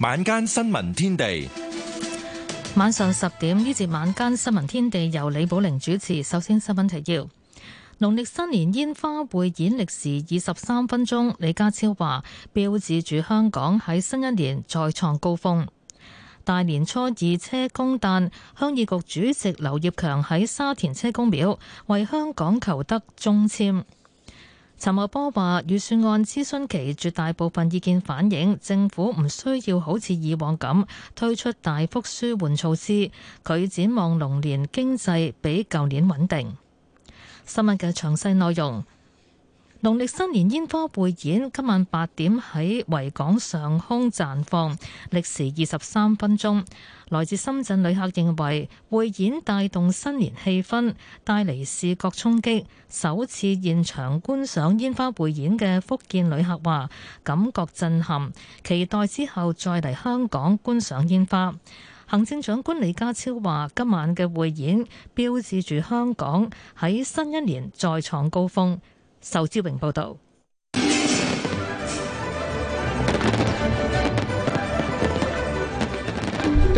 晚間新聞天地，晚上十點呢節晚間新聞天地由李寶玲主持。首先新聞提要：農曆新年煙花匯演歷時二十三分鐘。李家超話，標誌住香港喺新一年再創高峰。大年初二車公誕，鄉議局主席劉業強喺沙田車公廟為香港求得中簽。陳茂波話：預算案諮詢期絕大部分意見反映，政府唔需要好似以往咁推出大幅舒緩措施。佢展望龍年經濟比舊年穩定。新聞嘅詳細內容。農曆新年煙花匯演今晚八點喺維港上空綻放，歷時二十三分鐘。來自深圳旅客認為匯演帶動新年氣氛，帶嚟視覺衝擊。首次現場觀賞煙花匯演嘅福建旅客話，感覺震撼，期待之後再嚟香港觀賞煙花。行政長官李家超話，今晚嘅匯演標誌住香港喺新一年再創高峰。仇志榮報道，今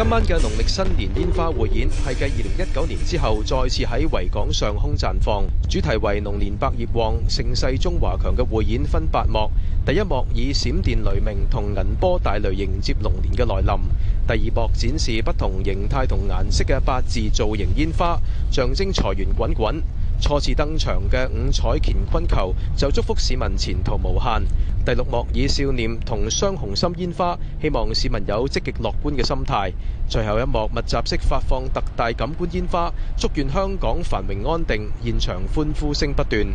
晚嘅農曆新年煙花匯演係繼二零一九年之後，再次喺維港上空綻放。主題為“龍年百業旺，盛世中華強”嘅匯演分八幕。第一幕以閃電雷鳴同銀波大雷迎接龍年嘅來臨。第二幕展示不同形態同顏色嘅八字造型煙花，象徵財源滾滾。初次登場嘅五彩乾坤球就祝福市民前途無限，第六幕以笑臉同雙紅心煙花，希望市民有積極樂觀嘅心態，最後一幕密集式發放特大感官煙花，祝願香港繁榮安定，現場歡呼聲不斷。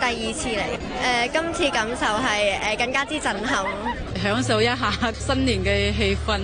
第二次嚟，誒、呃，今次感受係誒、呃、更加之震撼。享受一下新年嘅氣氛，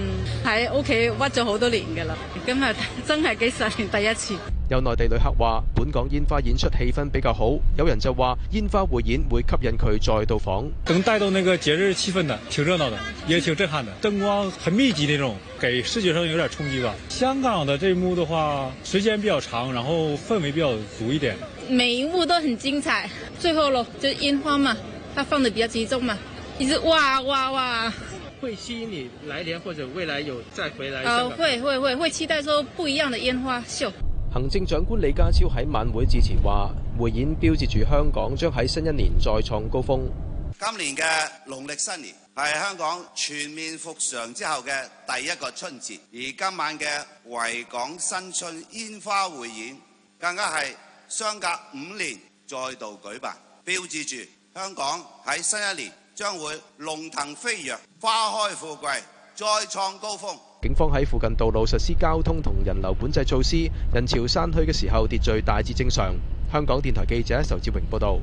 喺屋企屈咗好多年㗎喇，今日真係幾十年第一次。有內地旅客話：本港煙花演出氣氛比較好。有人就話煙花匯演會吸引佢再到訪。等帶到那個節日氣氛的，挺熱鬧的，也挺震撼的。燈光很密集那種，給視覺上有點衝擊吧。香港的這一幕的話，時間比較長，然後氛圍比較足一點。每一幕都很精彩，最後咯就是煙花嘛，它放得比較集中嘛。其實哇哇哇，哇，會吸引你來年或者未來有再回來？哦，會會會會期待說不一樣的煙花秀。行政長官李家超喺晚會之前話，匯演標誌住香港將喺新一年再創高峰。今年嘅農曆新年係香港全面復常之後嘅第一個春節，而今晚嘅維港新春煙花匯演更加係相隔五年再度舉辦，標誌住香港喺新一年。將會龍騰飛躍，花開富貴，再創高峰。警方喺附近道路實施交通同人流管制措施，人潮散去嘅時候，秩序大致正常。香港電台記者仇志榮報導。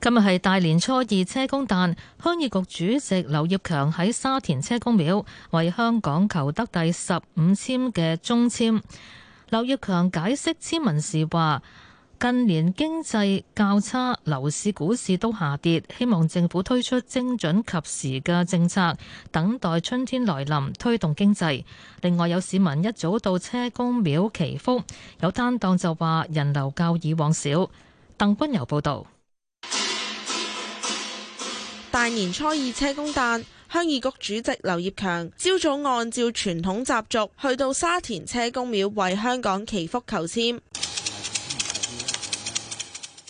今日係大年初二，車公誕，鄉議局主席劉業強喺沙田車公廟為香港求得第十五簽嘅中簽。劉業強解釋簽文時話：近年經濟較差，樓市、股市都下跌，希望政府推出精準及時嘅政策，等待春天來臨，推動經濟。另外有市民一早到車公廟祈福，有擔當就話人流較以往少。鄧君由報道。大年初二車公誕，鄉議局主席劉業強朝早按照傳統習俗，去到沙田車公廟為香港祈福求籤。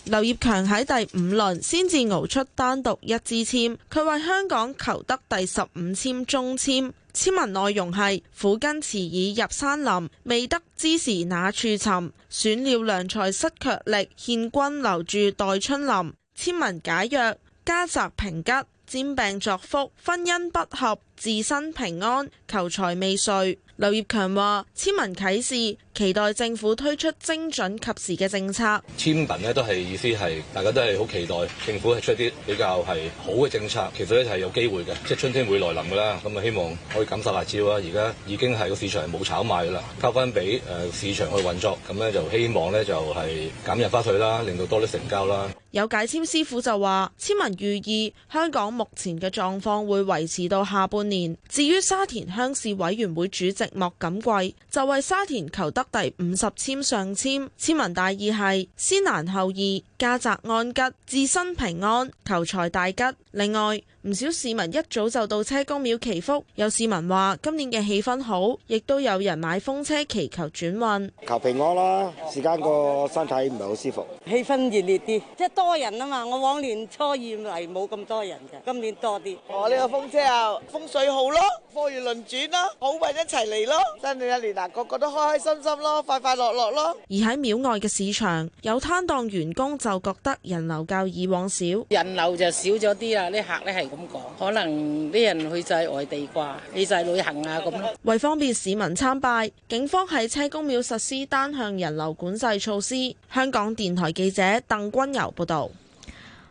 劉業強喺第五輪先至熬出單獨一支籤，佢為香港求得第十五籤中籤。籤文內容係：苦根遲已入山林，未得之時那處尋？選了良才失卻力，獻君留住待春林。籤文解曰：家宅平吉，占病作福，婚姻不合。自身平安，求財未遂。劉業強話：簽文啟示，期待政府推出精準及時嘅政策。簽文咧都係意思係，大家都係好期待政府係出一啲比較係好嘅政策。其實咧係有機會嘅，即係春天會來臨噶啦。咁啊希望可以減晒辣招啦。而家已經係個市場係冇炒賣噶啦，交翻俾誒市場去運作。咁咧就希望咧就係減印花稅啦，令到多啲成交啦。有解簽師傅就話：簽文寓意香港目前嘅狀況會維持到下半。年。至於沙田鄉事委員會主席莫錦貴就為沙田求得第五十籤上籤，籤文大意係先難後易，家宅安吉，自身平安，求財大吉。另外，唔少市民一早就到車公廟祈福，有市民話今年嘅氣氛好，亦都有人買風車祈求轉運，求平安啦。時間個身體唔係好舒服，氣氛熱烈啲，即係多人啊嘛。我往年初二嚟，冇咁多人嘅，今年多啲。我呢、哦，這個風車啊，風最好咯，貨如輪轉咯，好運一齊嚟咯，新嘅一年嗱，個個都開開心心咯，快快樂樂咯。而喺廟外嘅市場，有攤檔員工就覺得人流較以往少，人流就少咗啲啦。啲客咧係咁講，可能啲人去晒外地啩，去晒旅行啊咁。為方便市民參拜，警方喺車公廟實施單向人流管制措施。香港電台記者鄧君柔報道。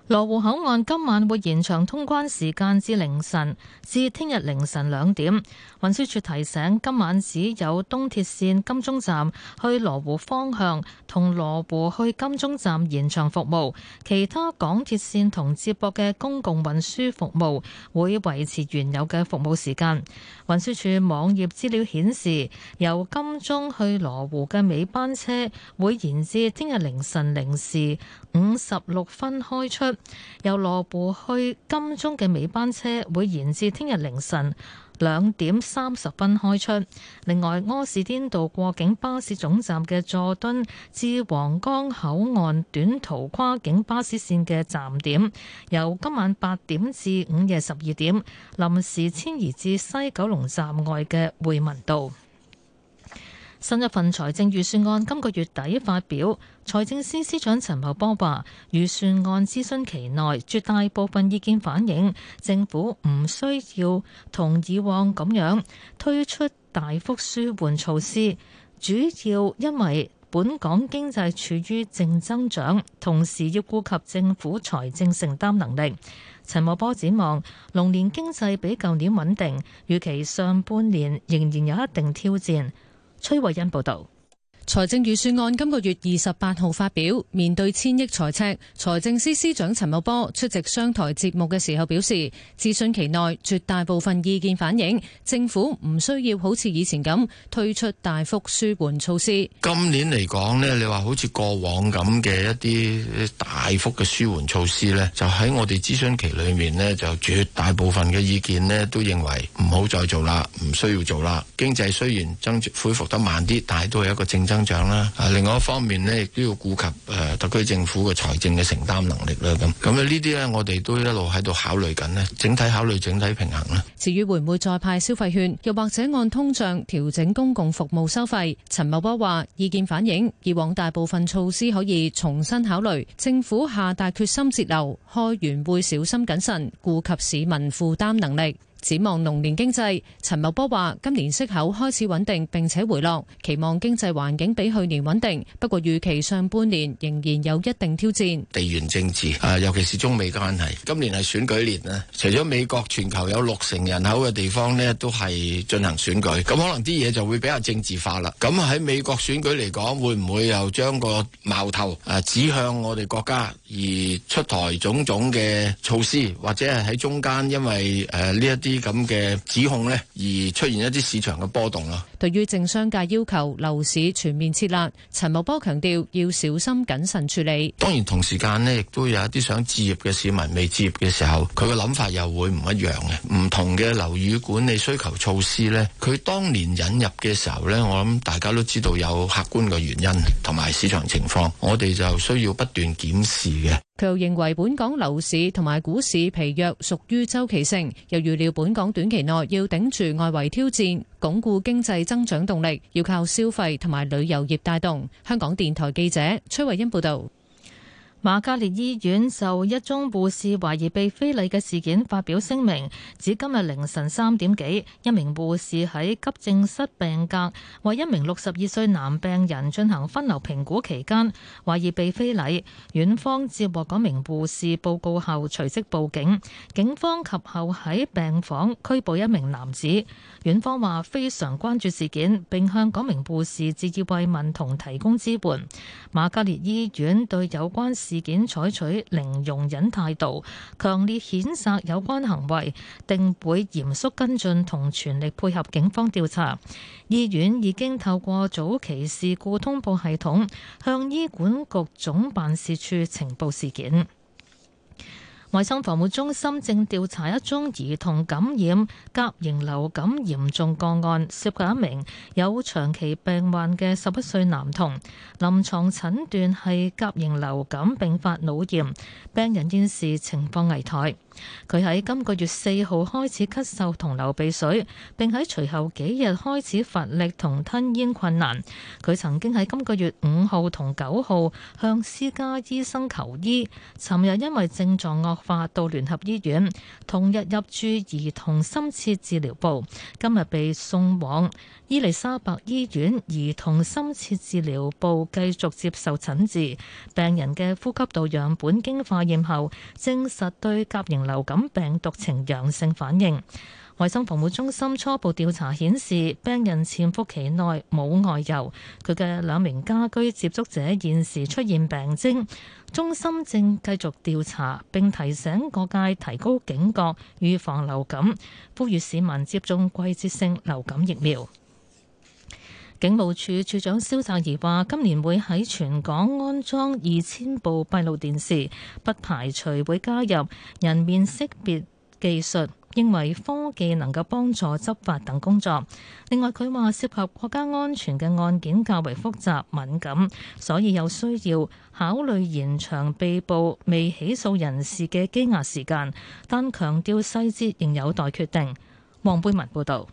羅湖口岸今晚會延長通關時間至凌晨，至聽日凌晨兩點。運輸署提醒，今晚只有東鐵綫金鐘站去羅湖方向同羅湖去金鐘站延長服務，其他港鐵綫同接駁嘅公共運輸服務會維持原有嘅服務時間。運輸署網頁資料顯示，由金鐘去羅湖嘅尾班車會延至聽日凌晨零時五十六分開出。由羅湖去金鐘嘅尾班車會延至聽日凌晨兩點三十分開出。另外，柯士甸道過境巴士總站嘅佐敦至皇崗口岸短途跨境巴士綫嘅站點，由今晚八點至午夜十二點臨時遷移至西九龍站外嘅匯民道。新一份財政預算案今個月底發表，財政司司長陳茂波話，預算案諮詢期內絕大部分意見反映政府唔需要同以往咁樣推出大幅舒緩措施，主要因為本港經濟處於正增長，同時要顧及政府財政承擔能力。陳茂波展望龍年經濟比舊年穩定，預期上半年仍然有一定挑戰。崔慧欣報道。財政預算案今個月二十八號發表，面對千億財赤，財政司司長陳茂波出席商台節目嘅時候表示，諮詢期內絕大部分意見反映，政府唔需要好似以前咁推出大幅紓緩措施。今年嚟講咧，你話好似過往咁嘅一啲大幅嘅紓緩措施咧，就喺我哋諮詢期裏面咧，就絕大部分嘅意見咧都認為唔好再做啦，唔需要做啦。經濟雖然增恢復得慢啲，但係都係一個正增。增長啦，啊，另外一方面咧，亦都要顧及誒特區政府嘅財政嘅承擔能力啦，咁咁咧呢啲咧，我哋都一路喺度考慮緊咧，整體考慮，整體平衡咧。至於會唔會再派消費券，又或者按通脹調整公共服務收費？陳茂波話：意見反映以往大部分措施可以重新考慮，政府下大決心節流，開源會小心謹慎，顧及市民負擔能力。展望龍年經濟，陳茂波話：今年息口開始穩定並且回落，期望經濟環境比去年穩定。不過預期上半年仍然有一定挑戰。地緣政治啊，尤其是中美關係，今年係選舉年啦。除咗美國，全球有六成人口嘅地方咧，都係進行選舉。咁可能啲嘢就會比較政治化啦。咁喺美國選舉嚟講，會唔會又將個矛頭啊指向我哋國家而出台種種嘅措施，或者係喺中間因為誒呢一啲，呃啲咁嘅指控呢而出現一啲市場嘅波動咯。對於政商界要求樓市全面設立，陳茂波強調要小心謹慎處理。當然同時間呢亦都有一啲想置業嘅市民未置業嘅時候，佢嘅諗法又會唔一樣嘅。唔同嘅樓宇管理需求措施呢，佢當年引入嘅時候呢，我諗大家都知道有客觀嘅原因同埋市場情況，我哋就需要不斷檢視嘅。佢又認為，本港樓市同埋股市疲弱屬於周期性，又預料本港短期內要頂住外圍挑戰，鞏固經濟增長動力，要靠消費同埋旅遊業帶動。香港電台記者崔慧欣報道。瑪嘉烈醫院就一宗護士懷疑被非禮嘅事件發表聲明，指今日凌晨三點幾，一名護士喺急症室病格為一名六十二歲男病人進行分流評估期間，懷疑被非禮。院方接獲嗰名護士報告後，隨即報警，警方及後喺病房拘捕一名男子。院方話非常關注事件，並向嗰名護士致意慰問同提供支援。瑪嘉烈醫院對有關事事件採取零容忍態度，強烈譴責有關行為，定會嚴肅跟進同全力配合警方調查。醫院已經透過早期事故通報系統向醫管局總辦事處呈報事件。衛生防護中心正調查一宗兒童感染甲型流感嚴重個案，涉及一名有長期病患嘅十一歲男童，臨床診斷係甲型流感併發腦炎，病人現時情況危殆。佢喺今個月四號開始咳嗽同流鼻水，並喺隨後幾日開始乏力同吞嚥困難。佢曾經喺今個月五號同九號向私家醫生求醫，尋日因為症狀惡化到聯合醫院，同日入住兒童深切治療部。今日被送往伊利沙伯醫院兒童深切治療部繼續接受診治。病人嘅呼吸道樣本經化驗後證實對甲型。流感病毒呈陽性反應，衛生防護中心初步調查顯示，病人潛伏期內冇外遊，佢嘅兩名家居接觸者現時出現病徵，中心正繼續調查，並提醒各界提高警覺，預防流感，呼籲市民接種季節性流感疫苗。警務處處長蕭澤頤話：今年會喺全港安裝二千部閉路電視，不排除會加入人面識別技術，認為科技能夠幫助執法等工作。另外，佢話涉及國家安全嘅案件較為複雜敏感，所以有需要考慮延長被捕未起訴人士嘅羈押時間，但強調細節仍有待決定。黃貝文報道。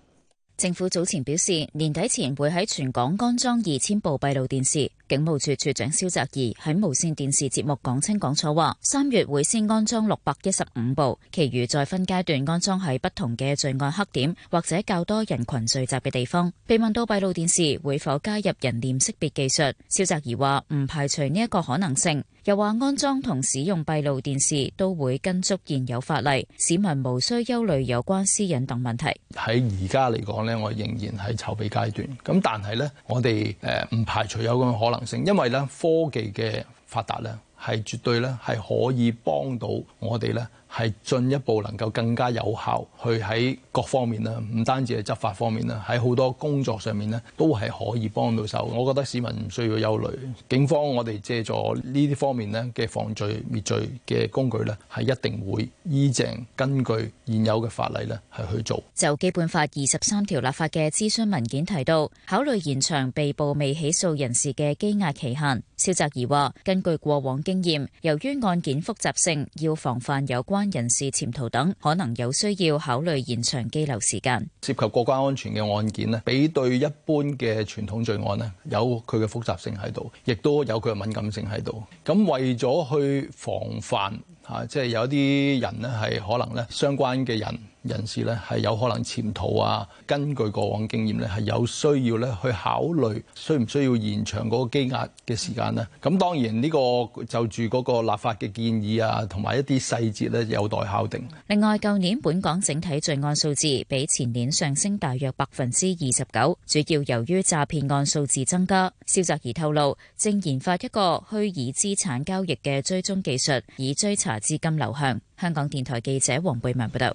政府早前表示，年底前會喺全港安裝二千部閉路電視。警務處處長蕭澤頤喺無線電視節目講清講楚話，三月會先安裝六百一十五部，其餘再分階段安裝喺不同嘅罪案黑點或者較多人群聚集嘅地方。被問到閉路電視會否加入人臉識別技術，蕭澤頤話唔排除呢一個可能性。又話安裝同使用閉路電視都會跟足現有法例，市民無需憂慮有關私隱等問題。喺而家嚟講呢，我仍然喺籌備階段。咁但係呢，我哋誒唔排除有咁嘅可能。因為咧科技嘅發達，咧，係絕對咧係可以幫到我哋咧。係進一步能夠更加有效去喺各方面啦，唔單止係執法方面啦，喺好多工作上面咧，都係可以幫到手。我覺得市民唔需要憂慮，警方我哋借助呢啲方面咧嘅防罪滅罪嘅工具咧，係一定會依正根據現有嘅法例咧係去做。就《基本法》二十三條立法嘅諮詢文件提到，考慮延長被捕未起訴人士嘅羈押期限。蕭澤頤話：根據過往經驗，由於案件複雜性，要防範有關人士潛逃等，可能有需要考慮延長羈留時間，涉及國家安全嘅案件呢，比對一般嘅傳統罪案呢，有佢嘅複雜性喺度，亦都有佢嘅敏感性喺度。咁為咗去防範吓，即係有一啲人呢，係可能呢相關嘅人。人士呢，係有可能潛逃啊。根據過往經驗呢，係有需要呢去考慮需唔需要延長嗰個羈押嘅時間呢，咁當然呢個就住嗰個立法嘅建議啊，同埋一啲細節呢有待敲定。另外，舊年本港整體罪案數字比前年上升大約百分之二十九，主要由於詐騙案數字增加。蕭澤頤透露，正研發一個虛擬資產交易嘅追蹤技術，以追查資金流向。香港電台記者黃貝文報道。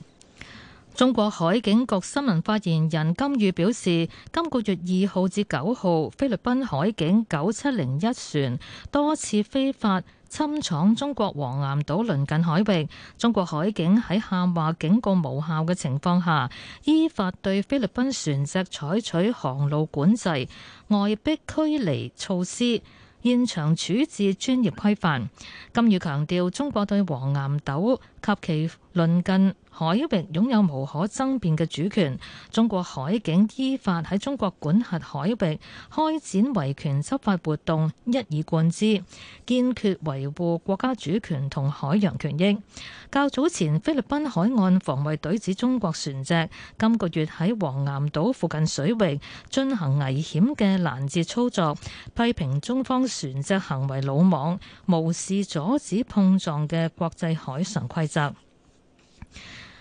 中國海警局新聞發言人金宇表示，今個月二號至九號，菲律賓海警九七零一船多次非法侵闖中國黃岩島鄰近海域。中國海警喺喊話警告無效嘅情況下，依法對菲律賓船隻採取航路管制、外逼驅離措施，現場處置專業規範。金宇強調，中國對黃岩島及其鄰近海域擁有無可爭辯嘅主權。中國海警依法喺中國管轄海域開展維權執法活動，一以貫之，堅決維護國家主權同海洋權益。較早前，菲律賓海岸防衛隊指中國船隻今個月喺黃岩島附近水域進行危險嘅攔截操作，批評中方船隻行為魯莽，無視阻止碰撞嘅國際海上規則。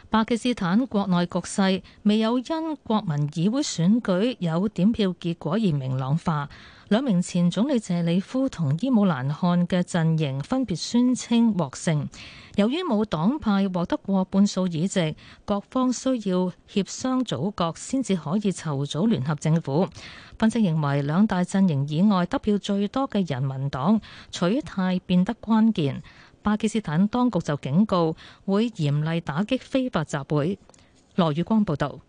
巴基斯坦國內局勢未有因國民議會選舉有點票結果而明朗化。兩名前總理謝里夫同伊姆蘭汗嘅陣營分別宣稱獲勝。由於冇黨派獲得過半數議席，各方需要協商組閣先至可以籌組聯合政府。分析認為，兩大陣營以外得票最多嘅人民黨取態變得關鍵。巴基斯坦當局就警告會嚴厲打擊非法集會。羅宇光報導，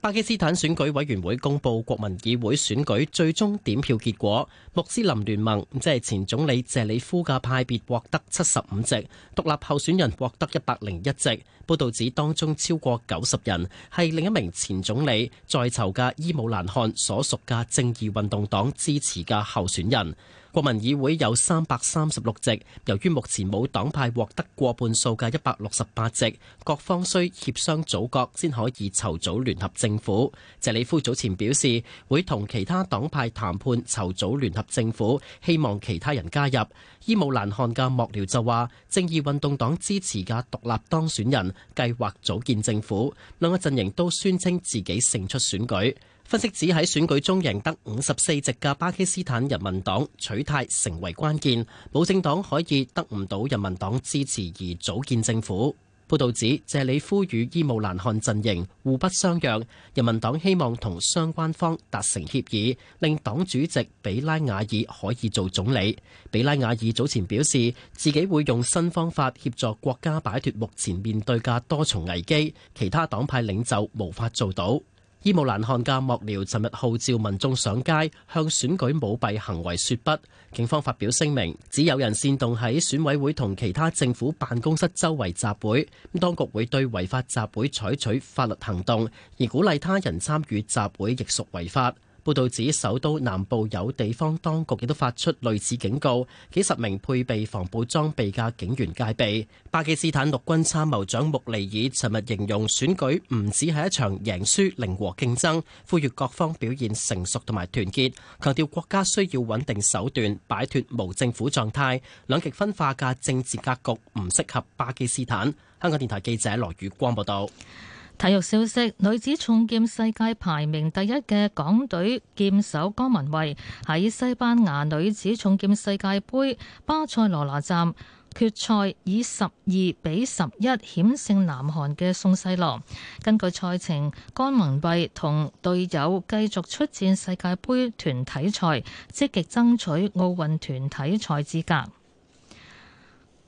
巴基斯坦選舉委員會公布國民議會選舉最終點票結果，穆斯林聯盟，即係前總理謝里夫嘅派別獲得七十五席，獨立候選人獲得一百零一席。報導指當中超過九十人係另一名前總理在囚嘅伊姆蘭汗所屬嘅正義運動黨支持嘅候選人。國民議會有三百三十六席，由於目前冇黨派獲得過半數嘅一百六十八席，各方需協商組閣先可以籌組聯合政府。謝里夫早前表示會同其他黨派談判籌組聯合政府，希望其他人加入。伊姆蘭汗嘅幕僚就話，正義運動黨支持嘅獨立當選人計劃組建政府，兩個陣營都宣稱自己勝出選舉。分析指喺選舉中贏得五十四席嘅巴基斯坦人民黨取態成為關鍵，無政黨可以得唔到人民黨支持而組建政府。報導指謝里夫與伊姆蘭汗陣營互不相讓，人民黨希望同相關方達成協議，令黨主席比拉瓦爾可以做總理。比拉瓦爾早前表示自己會用新方法協助國家擺脱目前面對嘅多重危機，其他黨派領袖無法做到。伊慕蘭漢嘅幕僚尋日號召民眾上街向選舉舞弊行為說不。警方發表聲明，指有人煽動喺選委會同其他政府辦公室周圍集會，咁當局會對違法集會採取法律行動，而鼓勵他人參與集會亦屬違法。報道指首都南部有地方當局亦都發出類似警告，幾十名配備防暴裝備嘅警員戒備。巴基斯坦陸軍參謀長穆尼爾尋日形容選舉唔只係一場贏輸零和競爭，呼籲各方表現成熟同埋團結，強調國家需要穩定手段擺脫無政府狀態，兩極分化嘅政治格局唔適合巴基斯坦。香港電台記者羅宇光報道。體育消息：女子重劍世界排名第一嘅港隊劍手江文蔚喺西班牙女子重劍世界杯巴塞羅那站決賽，以十二比十一險勝南韓嘅宋世羅。根據賽程，江文蔚同隊友繼續出戰世界杯團體賽，積極爭取奧運團體賽資格。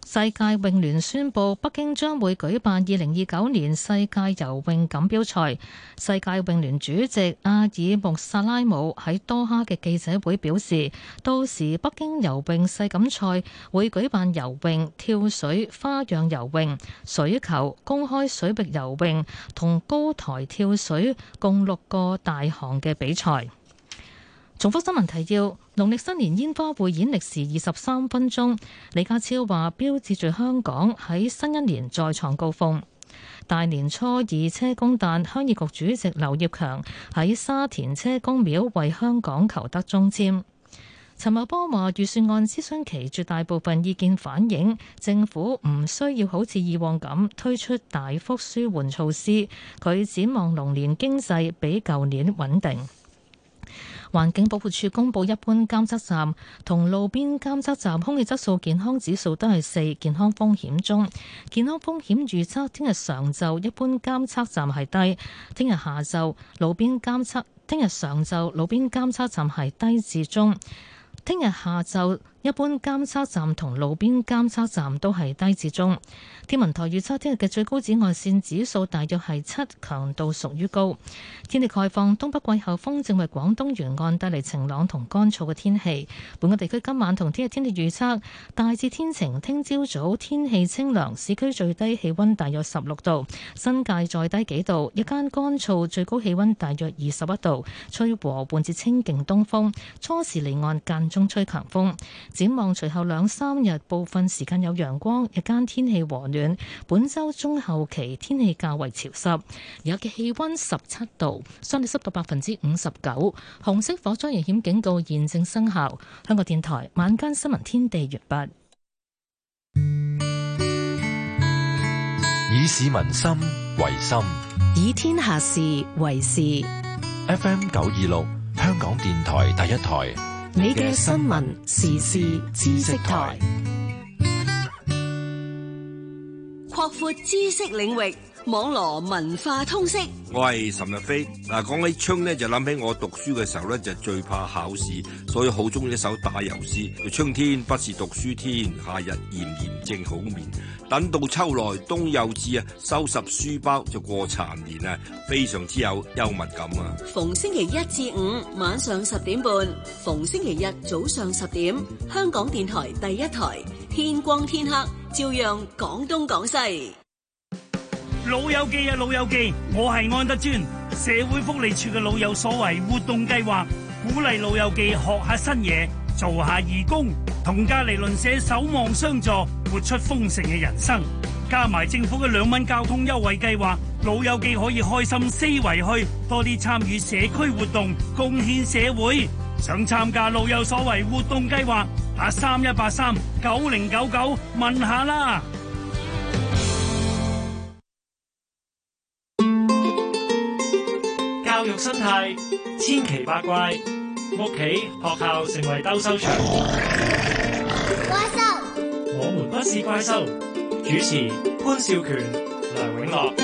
世界泳聯宣布，北京將會舉辦二零二九年世界游泳錦標賽。世界泳聯主席阿爾木薩拉姆喺多哈嘅記者會表示，到時北京游泳世錦賽會舉辦游泳、跳水、花樣游泳、水球、公開水域游泳同高台跳水共六個大項嘅比賽。重複新聞提要，農曆新年煙花匯演歷時二十三分鐘，李家超話標誌住香港喺新一年再創高峰。大年初二車公誕鄉議局主席劉業強喺沙田車公廟為香港求得中簽。陳茂波話預算案諮詢期絕大部分意見反映政府唔需要好似以往咁推出大幅舒緩措施。佢展望龍年經濟比舊年穩定。環境保護署公布，一般監測站同路邊監測站空氣質素健康指數都係四，健康風險中。健康風險預測，聽日上晝一般監測站係低，聽日下晝路邊監測，聽日上晝路邊監測站係低至中，聽日下晝。一般監測站同路邊監測站都係低至中。天文台預測聽日嘅最高紫外線指數大約係七，強度屬於高。天氣概況，東北季候風正為廣東沿岸帶嚟晴朗同乾燥嘅天氣。本港地區今晚同聽日天氣預測大致天晴，聽朝早，早天氣清涼，市區最低氣温大約十六度，新界再低幾度。日間乾燥，最高氣温大約二十一度，吹和緩至清勁東風，初時離岸間中吹強風。展望隨後兩三日，部分時間有陽光，日間天氣和暖。本周中後期天氣較為潮濕，現在嘅氣温十七度，相對濕度百分之五十九。紅色火災危險警告現正生效。香港電台晚間新聞天地完畢。以市民心為心，以天下事為事。FM 九二六，香港電台第一台。你嘅新聞時事知識台，擴闊知識領域。網羅文化通識，我係岑日飛。嗱，講起春咧，就諗起我讀書嘅時候咧，就最怕考試，所以好中意一首打油詩：就春天不是讀書天，夏日炎炎正好眠。等到秋來冬又至啊，收拾書包就過殘年啊，非常之有幽默感啊！逢星期一至五晚上十點半，逢星期日早上十點，香港電台第一台天光天黑，照樣講東講西。老友記啊，老友記，我係安德尊。社會福利處嘅老友所為活動計劃，鼓勵老友記學下新嘢，做下義工，同隔籬鄰舍守望相助，活出豐盛嘅人生。加埋政府嘅兩蚊交通優惠計劃，老友記可以開心四圍去，多啲參與社區活動，貢獻社會。想參加老友所為活動計劃，打三一八三九零九九問下啦。生態千奇百怪，屋企學校成為鬥獸場。怪獸收，我們不是怪獸。主持潘少權、梁永樂。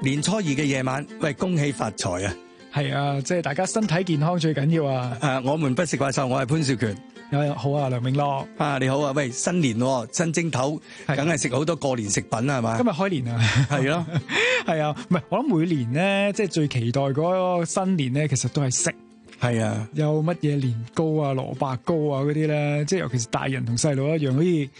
年初二嘅夜晚，喂，恭喜發財啊！係啊，即係大家身體健康最緊要啊！誒、啊，我們不食怪獸，我係潘少權。有、啊、好啊，梁明樂啊，你好啊，喂，新年喎，新正頭，梗係食好多過年食品年啊，係咪？今日開年啊，係咯，係啊，唔係我諗每年咧，即係最期待嗰個新年咧，其實都係食。係啊，有乜嘢年糕啊、蘿蔔糕啊嗰啲咧？即係尤其是大人同細路一樣，可以。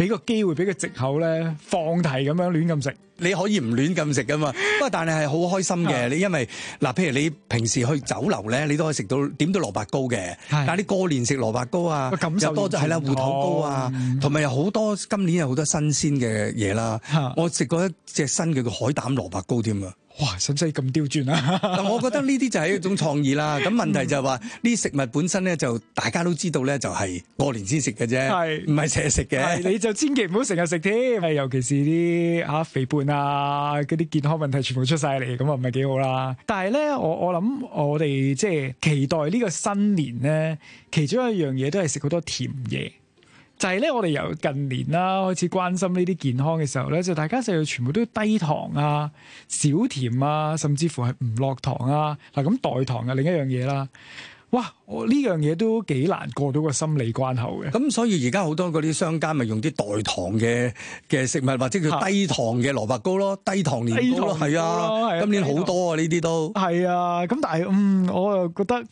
俾個機會，俾個藉口咧，放題咁樣亂咁食。你可以唔亂咁食噶嘛， 不過但係係好開心嘅。你 因為嗱，譬如你平時去酒樓咧，你都可以食到點到蘿蔔糕嘅。 但係你過年食蘿蔔糕啊，又多咗係啦，芋頭糕啊，同埋 有好多今年有好多新鮮嘅嘢啦。 我食過一隻新嘅叫海膽蘿蔔糕添啊！哇，使唔使咁刁鑽啊？嗱， 我覺得呢啲就係一種創意啦。咁 問題就係話，呢 食物本身咧就大家都知道咧，就係過年先食嘅啫，係唔係成日食嘅？你就千祈唔好成日食添，係尤其是啲吓肥胖啊，嗰啲健康問題全部出晒嚟，咁啊唔係幾好啦。但係咧，我我諗我哋即係期待呢個新年咧，其中一樣嘢都係食好多甜嘢。就係咧，我哋由近年啦開始關心呢啲健康嘅時候咧，就大家食嘅全部都要低糖啊、少甜啊，甚至乎係唔落糖啊。嗱，咁代糖嘅另一樣嘢啦，哇！我呢樣嘢都幾難過到個心理關口嘅。咁所以而家好多嗰啲商家咪用啲代糖嘅嘅食物，或者叫低糖嘅蘿蔔糕咯，低糖年糕咯，係啊，啊糖今年好多啊呢啲糖都係啊。咁但係嗯，我又覺得。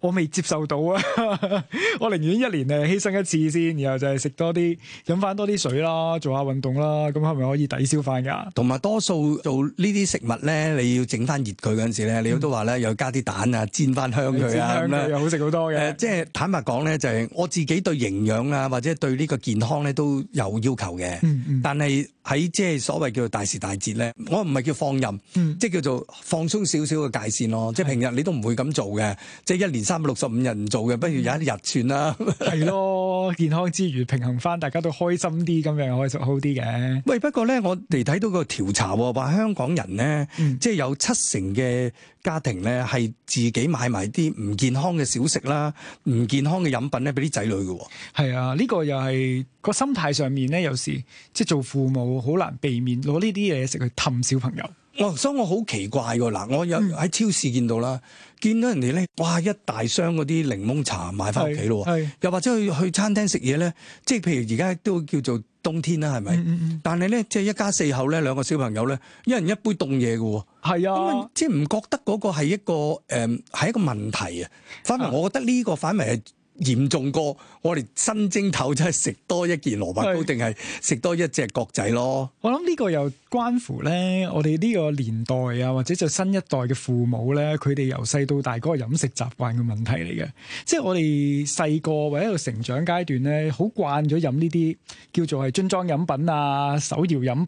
我未接受到啊！ 我寧願一年誒犧牲一次先，然後就係食多啲、飲翻多啲水啦，做下運動啦，咁係咪可以抵消翻噶？同埋多數做呢啲食物咧，你要整翻熱佢嗰陣時咧，你都話咧又要加啲蛋啊，煎翻香佢啊，咁、嗯、然後又好食好多嘅、呃。即係坦白講咧，就係、係、我自己對營養啊，或者對呢個健康咧都有要求嘅。嗯嗯、但係。喺即係所謂叫做大時大節咧，我唔係叫放任，即係叫做放鬆少少嘅界線咯。即係平日你都唔會咁做嘅，即係一年三百六十五日唔做嘅，不如有一日算啦。係咯、嗯， 健康之餘平衡翻，大家都開心啲咁樣可以食好啲嘅。喂，不過咧，我哋睇到個調查話，香港人咧，嗯、即係有七成嘅家庭咧係自己買埋啲唔健康嘅小食啦，唔、嗯、健康嘅飲品咧俾啲仔女嘅。係啊，呢、呢個又係、個心態上面咧，有時即係做父母。好難避免攞呢啲嘢食去氹小朋友。哦，所以我好奇怪噶嗱，我有喺、嗯、超市見到啦，見到人哋咧，哇一大箱嗰啲檸檬茶買返屋企咯。係，又或者去去餐廳食嘢咧，即係譬如而家都叫做冬天啦，係咪？嗯嗯，但係咧，即、就、係、是、一家四口咧，兩個小朋友咧，一人一杯凍嘢噶。係啊。咁啊、嗯，即係唔覺得嗰個係一個誒、係、呃、一個問題啊？反為我覺得呢個反為係。嚴重過我哋新蒸頭，真係食多一件蘿蔔糕定係食多一隻角仔咯？我諗呢個又關乎咧，我哋呢個年代啊，或者就新一代嘅父母咧，佢哋由細到大嗰個飲食習慣嘅問題嚟嘅。即係我哋細個或者一個成長階段咧，好慣咗飲呢啲叫做係樽裝飲品啊、手搖飲。